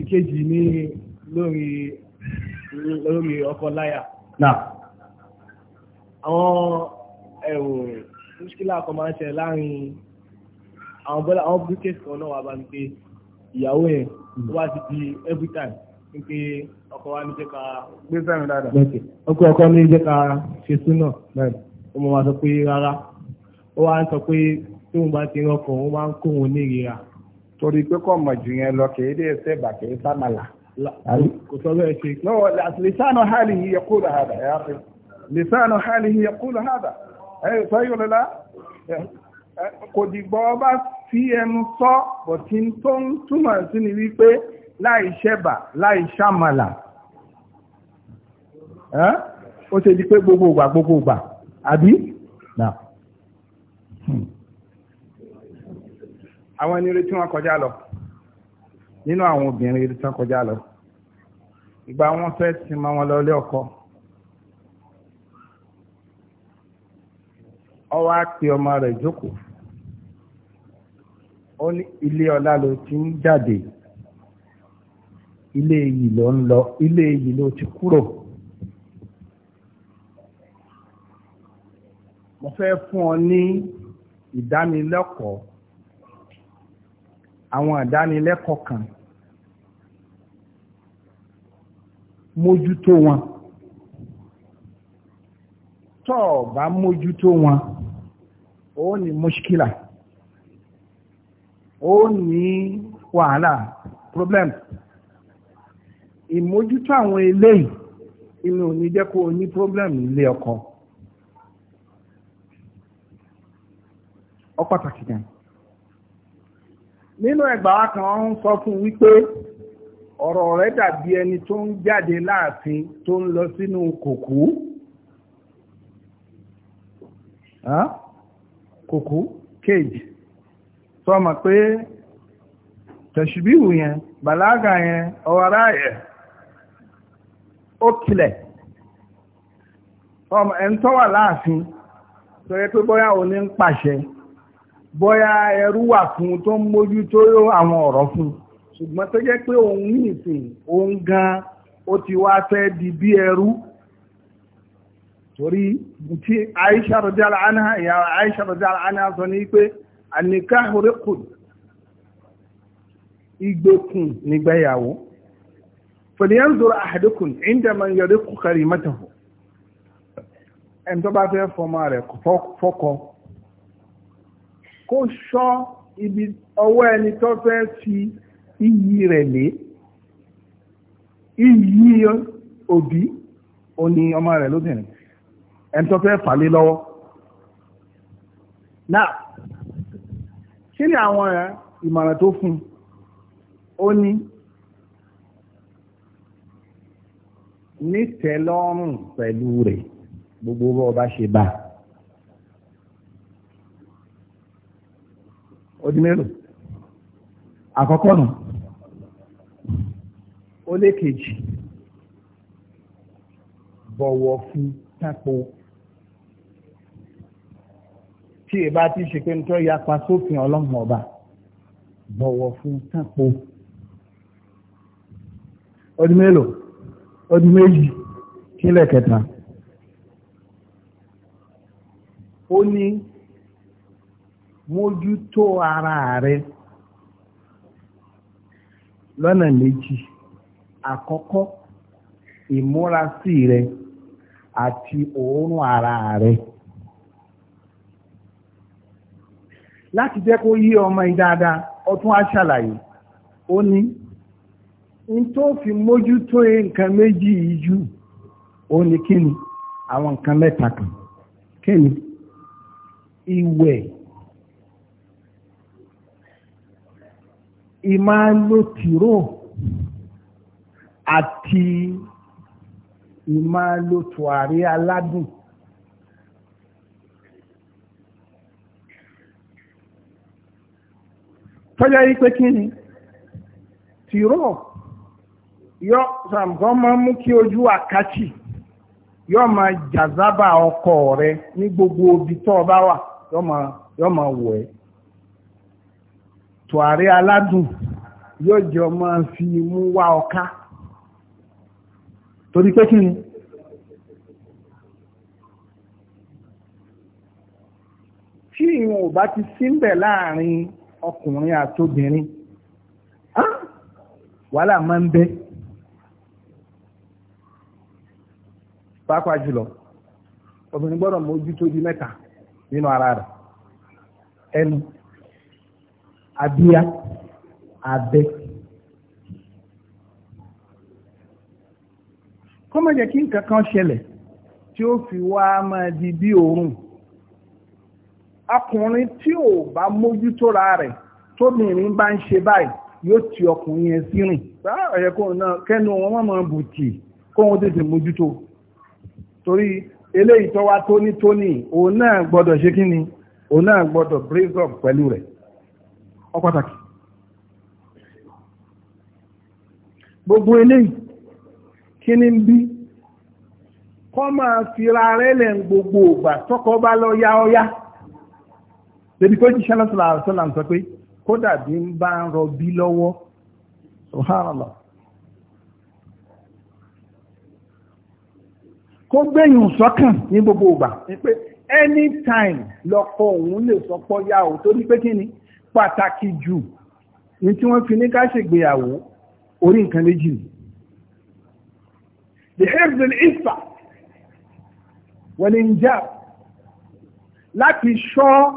ìkejì ní lórí lórí ọkọ láyà àwọn ẹ̀rọ múṣkílà kan máa ń ṣẹlẹ̀ láàrin àwọn bọ́lá àwọn briefcase kan náà wà bá ní pé ìyàwó ẹ̀ hmm. wá ti di every time ní pé ọkọ wa ní jẹ́ ká gbé sẹ́rìn dáadáa ọkọ ọkọ ní jẹ́ ká ṣe súnà ọmọ wa sọ pé rárá ó wá ń sọ pé tóun bá ti rọkàn ó máa ń kóhun ní ìrira torí pé kọ́ mọ̀ jù yẹn lọ kì í dé ẹsẹ̀ bà í sàmàlà. kò sọ bẹ́ẹ̀ ṣe. no lisanu halihi hada ya fi lisanu halihi yaqulu hada ẹ̀ sọ yóò kò dìgbọ́ ọba fi ẹnu sọ bọ̀tí tó ń túmọ̀ sí ni wípé láì ṣẹ̀bà láì ṣàmàlà ó ṣe di pé gbogbo ìgbà gbogbo ìgbà àbí? àwọn ẹni retí wọn kọjá lọ nínú àwọn obìnrin retí wọn kọjá lọ ìgbà wọn fẹ́ ti ma wọn lọ ilé ọkọ ọwọ́ á pe ọmọ rẹ̀ jókòó ó ní ilé ọlá ló ti ń jáde ilé èyí ló ń lọ ilé èyí ló ti kúrò mo fẹ́ fún ọ ní ìdánilẹ́kọ̀ọ́ àwọn àdánilẹ́kọ̀ọ́ kan mójútó wọn tọ́ ọ bá mójútó wọn ó ní mọ́ṣíkìlà ó ní wàhálà problem ìmójútó àwọn eléyìí inú ò ní jẹ́ kó o ní problem nílé ọkọ ọ pàtàkì gan-an nínú ẹgbàá kan ó ń sọ fún wípé ọ̀rọ̀ rẹ̀ dàbí ẹni tó ń jáde láàfin tó ń lọ sínú kòkú kòkú cage sọ ma pé tẹ̀ṣubíhù yẹn bàlágà yẹn ọ̀wárá yẹn ó tilẹ̀ ẹni tó wà láàfin tó yẹ pé bóyá òní ń pàṣẹ bóyá ẹrú wà fún tó ń mójútó àwọn ọ̀rọ̀ fún ṣùgbọ́n tó jẹ́ pé òun ní ìsìn òun gan ó ti wá fẹ́ di bí ẹrú torí tí Aisha radiyallahu anha ìyá Aisha radiyallahu anha sọ ní pé an-nikahu riqun ìgbèkùn nígbéyàwó falyanzur ahadukum inda man yariqu karimatahu ẹni tó bá fẹ́ fọmọ rẹ̀ fọkọ. kó ṣọ́ ibi ọwọ́ ẹni tó fẹ́ fi iyì rẹ̀ lé iyì òbí ó ní ọmọ rẹ̀ lóbìnrin ẹni tó fẹ́ fà lé lọ́wọ́ náà kí ni àwọn eh, ìmọ̀ràn tó fún ó ní nítẹ̀lọ́rùn pẹ̀lú rẹ̀ gbogbo bó ṣe bá a. odi mélòó àkọ́kọ́ nù ó lé kejì bọ̀wọ̀ fún tapo, tí ẹ bá ti ṣe pé nítorí yapa sófin ọlọ́run ọba bọ̀wọ̀ fún tápò ọdún mélòó ọdún méjì kílẹ̀ kẹta ó ní. mójútó ara rẹ lọ́nà méjì àkọ́kọ́ ìmúrasí rẹ àti òórùn ara rẹ. láti jẹ́ kó yí ọmọ yìí dáadáa ó tún á ṣàlàyé ó ní n tó fi mójútó nǹkan méjì yìí jù ó ní kíni àwọn nǹkan mẹ́ta kan kíni ìwẹ̀. ìmá ló tìró àti ìmá ló tùwárí aládùn tọ́jọ́ yí pé kí ni tìró yọ sàmùkọ́ máa mú kí ojú àkáàtì yọ máa jàzábà ọkọ rẹ ní gbogbo ibi tó o bá wà yọ máa wọ̀ ẹ́ tùwárí aládùn yóò jọ máa fi mú wá ọká torí pé kí ni tí ìwọ̀n ò bá ti síbẹ̀ láàrin ọkùnrin àtobìnrin wàhálà máa ń bẹ pàápàá jùlọ obìnrin gbọ́dọ̀ mójútó di mẹ́ta nínú ara rẹ̀ ẹnu Abia, abẹ́. kó má jẹ́ kí nǹkan kan ṣẹlẹ̀ tí ó fi wá máa di bí òórùn ọkùnrin tí ò bá mójútóra rẹ̀ tóbìnrin bá ń ṣe báyìí yóò ti ọkùnrin yẹn sí rìn ọ̀yẹ́ kó náà kẹ́nu wọn máa bù tì kó wọn tètè mójútó torí eléyìí tó wá tónítóní òun náà gbọ́dọ̀ ṣe kí ni òun náà gbọ́dọ̀ brace pẹ̀lú rẹ̀. ọ gbogbo eléyìí kí ni ń bí kọ́ máa fira rẹ̀ gbogbo ògbà lọ yá ọyá tẹbi kó jíṣẹ́ lọ́sọ̀lá àrùsọ́là ń sọ pé kó dàbí ń bá ń rọbí lọ́wọ́ subhanallah kó gbẹ̀yìn sọ́kàn ní gbogbo ògbà ni pé anytime lọ́kọ òun lè sọpọ́ o torí pé ni pàtàkì jù ní tí wọ́n fi ní ká ṣègbéyàwó orí nǹkan méjì ni the herbs and ispa wọ́n ń jà láti ṣọ́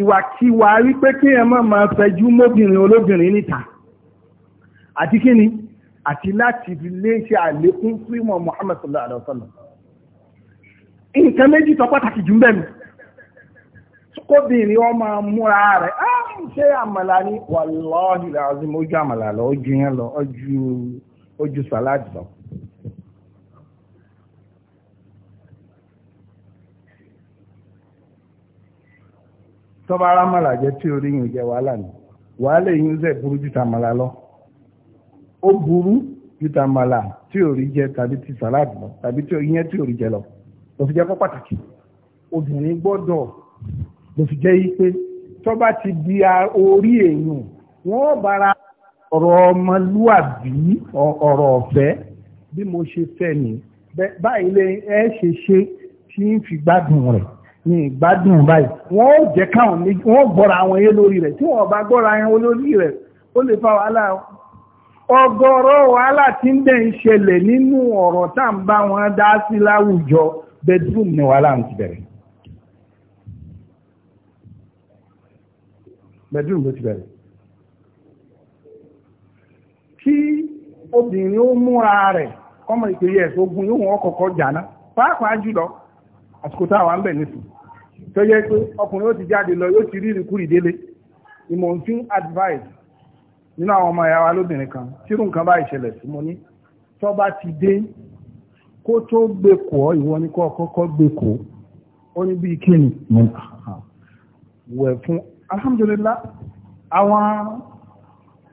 ìwàkiwà wípé kí ẹ má máa fẹjú mọ́bìnrin olóbìnrin níta àti kí ni àti láti lè ṣe àlékún fíìmọ̀ Muhammad sallallahu alaihi wasallam nǹkan méjì tó pàtàkì jù ń bẹ̀rù kóbìnrin ọmọ múra rẹ̀ á ṣé àmàlà ni wàlọ́ọ̀hì làásì mo àmàlà lọ ó yẹn lọ ó sàláàdì lọ. tọ́ba arámàlà jẹ́ tí orí yìí jẹ́ wàhálà ni wàhálà yìí ń burú ju tàmàlà lọ ó burú ju tàmàlà tí orí jẹ tàbí ti sàláàdì lọ tàbí tí ìyẹn tí orí jẹ lọ lọ fi pàtàkì obìnrin gbọ́dọ̀ fi yí pé tó bá ti di orí èèyàn wọ́n bára ọ̀rọ̀ ọmọlúàbí ọ̀rọ̀ ọ̀fẹ́ bí mo ṣe fẹ́ ni báyìí lè ẹ ṣe ṣe tí ń fi gbádùn rẹ̀ ní ìgbádùn báyìí wọ́n jẹ́ káwọn méjì wọ́n gbọ́ra àwọn yé lórí rẹ̀ tí wọ́n bá gbọ́ra yẹn lórí rẹ̀ ó lè fa wàhálà ọ̀gọ̀rọ̀ wàhálà tí ń dẹ̀ ń ṣẹlẹ̀ nínú ọ̀rọ̀ tá à ń bá wọn dá sí láwùjọ bedroom ni wàhálà ń ti bẹ̀rẹ̀ bedroom ló ti bẹ̀rẹ̀ kí obìnrin ó múra rẹ̀ kọ́mọ ìpèyẹ ẹ̀sọ́ ogun yóò wọ́n kọ̀kọ́ jàná pàápàá jùlọ àsìkò táwa ń bẹ̀ nísìn tó yẹ pé ọkùnrin ó ti jáde lọ yóò ti rí ìrìkúrì délé ìmọ̀ǹfin advice nínú àwọn ọmọ ìyá lóbìnrin kan nǹkan bá ìṣẹ̀lẹ̀ sí mo ní ti dé kó tó gbé ìwọ ni kọ́kọ́ gbé ó ní bíi kíni wẹ̀ fún alhamdulillah àwọn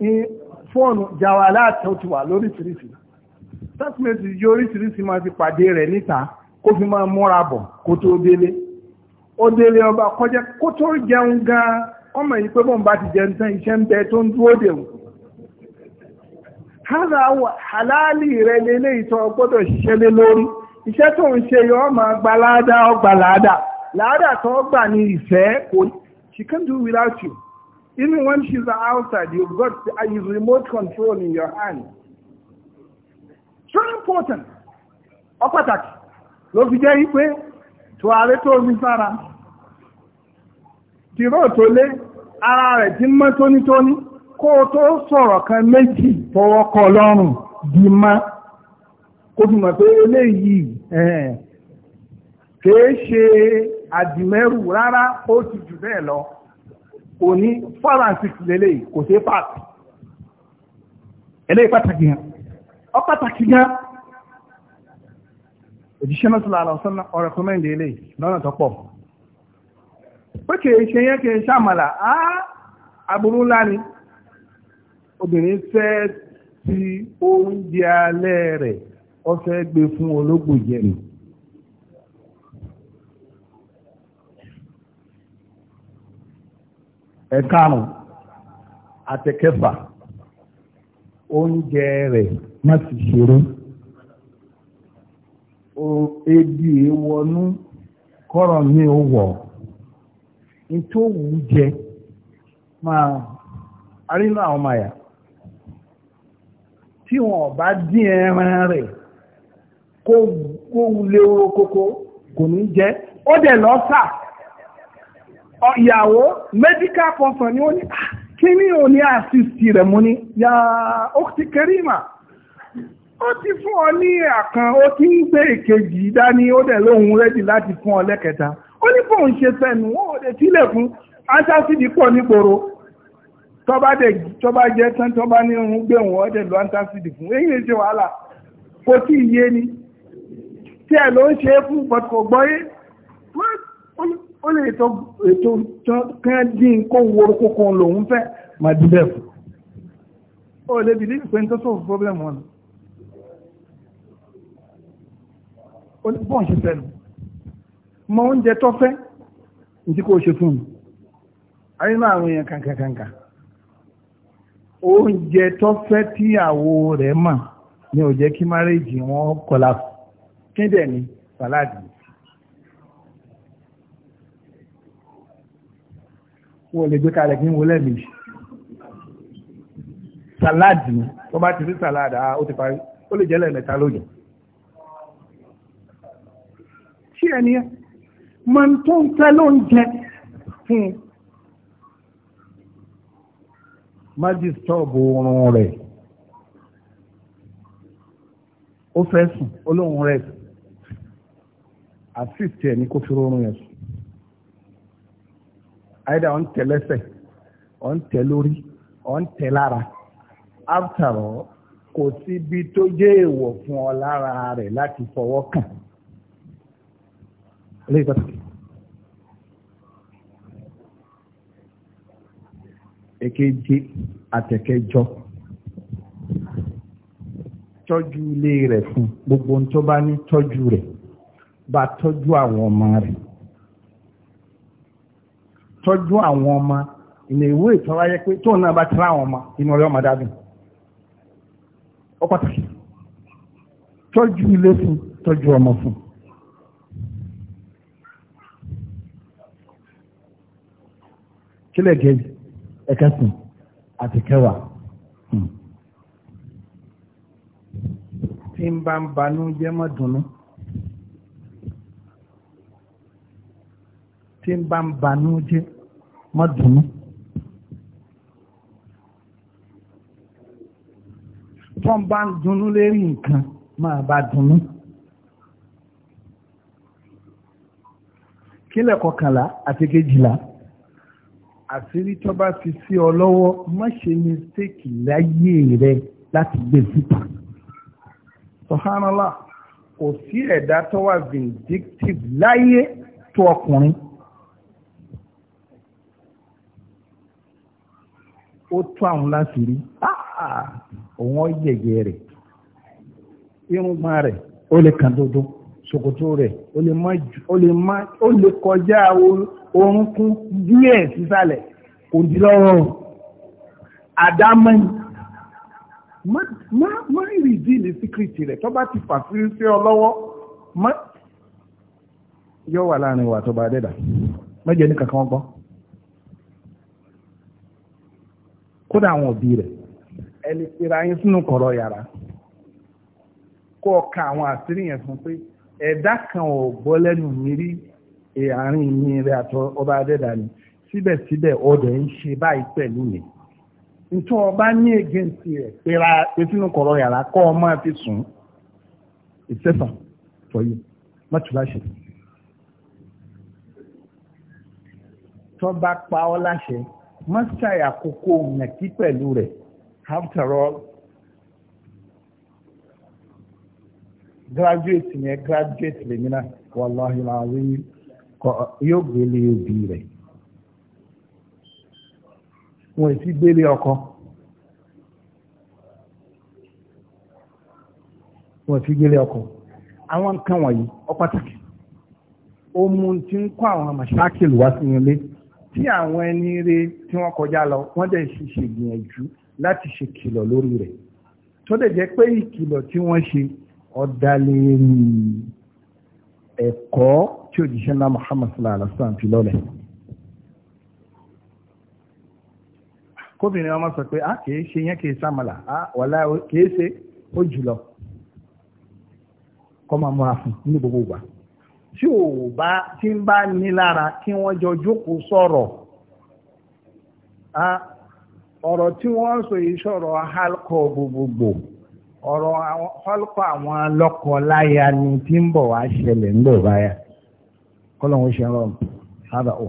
eh, fóònù jàwà aláàtọ̀ ti wà lóríṣiríṣi tẹ́símẹ́tì yóò oríṣiríṣi máa fi pàdé rẹ̀ níta kó fi máa múra bọ̀ kó tó délé ó délé ọba kọjá kó tó jẹun gan ọmọ yìí pé bọ́n bá ti jẹun tán iṣẹ́ ń bẹ tó ń dúró dẹ̀wò hádà halálì rẹ̀ lélẹ́yìí tó gbọ́dọ̀ ṣiṣẹ́ lé lórí iṣẹ́ tó ń ṣe yọ ọmọ gbalada ọgbàlada làádà tó gbà ní ìfẹ́ She can't do without you. Even when she's outside, you've got his uh, remote control in your hand. So important. Ó pàtàkì ló fi jẹ́ wípé tùwàrí tó mi sára. Tìró tó lé ara rẹ̀ tí mọ́ tónítóní kó o tó sọ̀rọ̀ kan méjì tọwọ́ kọ lọ́rùn di má. Kó fi mọ̀ pé eléyìí kèé ṣe àdìmẹ́rù rárá ó ti jù bẹ́ẹ̀ lọ kò ní four lélẹ̀ kò ṣe pàtàkì gan ọ pàtàkì gan òjíṣẹ́ náà àlọ́sán náà ọ̀rọ̀ lọ́nà pé ṣe yẹn ṣàmàlà á ńlá ni obìnrin fẹ́ ti oúnjẹ alẹ́ rẹ̀ ọ fẹ́ gbé fún ẹ̀karùn àtẹ̀kẹfà oúnjẹ rẹ̀ má sì ṣeré ebi ìwọnú kọ́rọ̀ mi ò wọ̀ nítòwú jẹ máa arínú àwọn ọmọ àyà tí wọn bá dín ẹran rẹ kó wulé oró kókó kò ní jẹ ó dẹ lọ lọ́sà. ìyàwó medical person ni ó ní ah, kí ní ò ní assist rẹ̀ mú ní ya okti kerima ó ti fún ọ ní àkàn ó ti ń gbé ìkejì dání ó dẹ̀ lóhun rẹ́dì láti fún ọ lẹ́kẹta ó ní bóun ṣe fẹ́nu ó lè sílẹ̀ fún antacidi pọ̀ nígboro tọ́ba jẹ́ tán tọ́ba ní ohun gbé òun ọdẹ lọ antacidi fún èyí ṣe wàhálà kò tí ì yé ni tí ẹ̀ ló ń ṣe é fún bọ́t ó lè tó ètò kan dín kó wo kókó lòun fẹ́ máa di bẹ́ẹ̀ fún ó lè bìlí pé n tó sọ̀rọ̀ problem wọn ó ní bọ́ǹ ṣe fẹ́ nu mọ oúnjẹ tó fẹ́ ní tí kò ṣe fún mi ayé náà àwọn èèyàn kàǹkàǹkà oúnjẹ tó fẹ́ tíyàwó rẹ̀ mà ni ò jẹ́ kí márèèjì wọn kọlà kí dẹ̀ ni sàláàdì wọ́n lè gbé kalẹ̀ kí n wo lẹ́ẹ̀mejì sàláàdì ni wọ́n bá ti rí sàláàdì ah ó ti parí ó lè jẹ́ lẹ́ẹ̀mẹ́ta lóòjọ́ ṣí ẹni ẹ mọ tó ń fẹ́ ló ń jẹ fún un hmm. má dìstọ́ọ̀bù oorun rẹ̀ ó fẹ́ sùn ó rẹ̀ àfíìsì ẹ̀ ní kó fi rọrùn yẹn àyẹ̀dá on telese, on lẹ́sẹ̀ on telara. tẹ̀ lórí ọ̀ ń tẹ̀ lára after all kò síbi tó jẹ́ èèwọ̀ fún ọ lára rẹ̀ láti fọwọ́ kàn lẹ́yìn pàtàkì. èkejì àtẹ̀kẹjọ tọ́jú ilé rẹ̀ fún gbogbo ohun tó bá ní tọ́jú rẹ̀ bá tọ́jú àwọn ọmọ rẹ̀ tọ́jú àwọn ọmọ ìnà ìwé ìtọ́wá yẹ pé tóun náà bá tẹ́lá àwọn ọmọ inú ọ̀rẹ́ ọmọ dábìn ó pàtàkì tọ́jú ilé fún tọ́jú ọmọ fún. kílẹ̀ kejì ẹ̀kẹ́sìn àti kẹwàá. Hmm. tí ń bá ń banú jẹ́ mọ́ dùnú. tí ń bá ń banú jẹ́ má dùnú. tó ń bá ń dùnú lérí nǹkan máa bá dùnú. kílẹ̀ kọkànlá àti kejìlá àṣírí tó bá fi sí ọ lọ́wọ́ má ṣe mistake láyé rẹ láti gbé síta. subhanallah kò sí ẹ̀dá tó wà vindictive láyé tó ọkùnrin. ó tó àwọn láti rí ah, òun ọ̀yẹ̀yẹ̀ rẹ̀ irúgbọ́n rẹ̀ ó lè kàn dodo ṣòkòtò rẹ̀ ó lè má ó lè má ó lè kọjá orúnkún díẹ̀ sísàlẹ̀ kò di lọ́rọ̀ àdámẹ́ni má má má ìrìdí ní síkírìtì rẹ̀ tó bá ti fàṣírí sí ọ lọ́wọ́ má yọ wà láàrin wa tó bá dẹ́dà mẹ́jẹ ní kankan gbọ́n. kódà àwọn òbí rẹ̀ ẹni ìra yín sínú kọ̀rọ̀ yàrá kó o ka àwọn àṣírí yẹn fún pé ẹ̀dá kan ò gbọ́ lẹ́nu mi rí àárín mi rẹ̀ àtọ ọba adẹ́dà ni síbẹ̀síbẹ̀ ọdẹ ń ṣe báyìí pẹ̀lú mi nítorí ọba ní ègéǹsì rẹ̀ pera pé sínú kọ̀rọ̀ yàrá kọ́ ọ máa fi sùn ìṣẹ́fà tọ́yé mọ́tòláṣẹ́ tọ́ bá pa ọ́ láṣẹ. má ṣàì àkókò nàkí pẹ̀lú after all graduate yẹn graduate lèmi náà wàláhi làwọn yóò gbélé òbí rẹ̀ wọn èsì gbélé ọkọ. wọ́n fi gbélé ọkọ àwọn nǹkan wọ̀nyí ó pàtàkì ó mú ń kọ́ àwọn tí àwọn ẹni rẹ tí wọ́n kọjá lọ wọ́n dẹ̀ sì ṣègbìyànjú láti ṣe kìlọ̀ lórí rẹ̀ tó dẹ̀ jẹ́ pé ìkìlọ̀ tí wọ́n ṣe ọ̀dàlẹ́rìn ẹ̀kọ́ tí òjíṣẹ́ ńlá Muhammad sallallahu alaihi wasallam fi lọ́lẹ̀. kóbìnrin ọmọ sọ pé a ah, kìí ṣe yẹn kìí sàmàlà a ah, wàlá kìí ṣe ó jùlọ kọ́ máa múra fún ní gbogbo ìgbà tí ò bá tí ń bá ní lára kí wọ́n jọ jókòó sọ̀rọ̀ ah, ọ̀rọ̀ tí wọ́n sọ yìí halkọ̀ gbogbogbò ọ̀rọ̀ halkọ̀ àwọn lọ́kọ láya ni tí ń bọ̀ wá ṣẹlẹ̀ ń bọ̀ báyà kọ́lọ̀ ń ṣe rọrùn